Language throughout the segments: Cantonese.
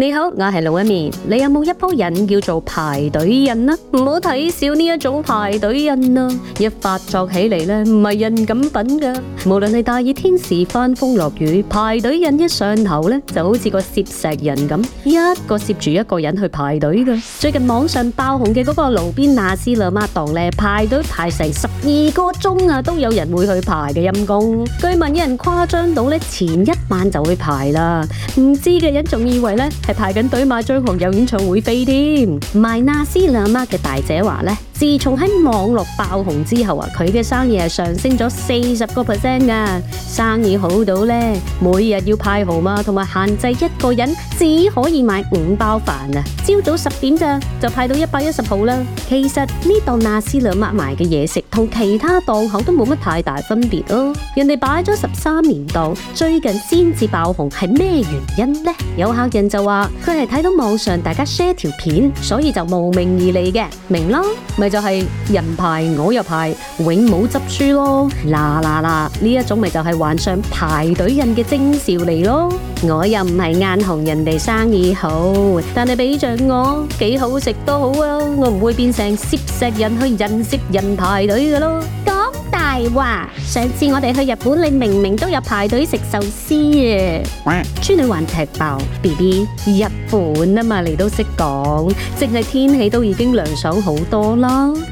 你好，我係龍紋敏。你有冇一波人叫做排隊人啊？唔好睇小呢一種排隊人啊！一發作起嚟呢，唔係人咁品噶。無論係大熱天時，翻風落雨，排隊人一上頭呢，就好似個攝石人咁，一個攝住一個人去排隊噶。最近網上爆紅嘅嗰個路邊那斯拉媽檔呢，排隊排成十二個鐘啊，都有人會去排嘅陰功。據聞有人誇張到呢，前一晚就會排啦。唔知嘅人仲以為呢。排緊隊買張學友演唱會飛添，賣那斯辣媽嘅大姐話咧。自從喺網絡爆紅之後啊，佢嘅生意係上升咗四十個 percent 㗎，生意好到咧，每日要派號嘛，同埋限制一個人只可以買五包飯啊！朝早十點咋就派到一百一十號啦。其實呢檔 Nasi Lemak 嘅嘢食同其他檔口都冇乜太大分別咯。人哋擺咗十三年檔，最近先至爆紅，係咩原因呢？有客人就話佢係睇到網上大家 share 條片，所以就慕名而嚟嘅，明啦，就係人排我又排，永冇執輸咯！嗱嗱嗱，呢一種咪就係患上排隊人嘅徵兆嚟咯！我又唔係眼紅人哋生意好，但係比着我幾好食都好啊！我唔會變成攝石人去認識人排隊噶咯。係喎，上次我哋去日本，你明明都有排隊食壽司，喂，豬 女還踢爆 B B 日本啊嘛，你都識講，淨係天氣都已經涼爽好多啦。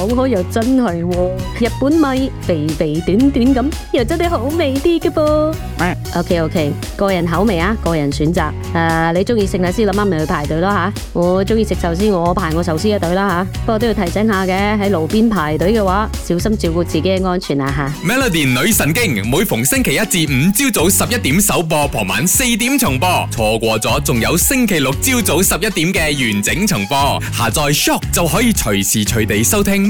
講開又真係喎，日本米肥肥短短咁，又真係好味啲嘅噃。O K O K，個人口味啊，個人選擇。誒、uh,，你中意食壽司，諗下咪去排隊咯吓。我中意食壽司，我排我壽司一隊啦吓。不過都要提醒下嘅，喺路邊排隊嘅話，小心照顧自己嘅安全啊吓。Melody 女神經，每逢星期一至五朝早十一點首播，傍晚四點重播。錯過咗，仲有星期六朝早十一點嘅完整重播。下載 SYOK 就可以隨時隨地收聽。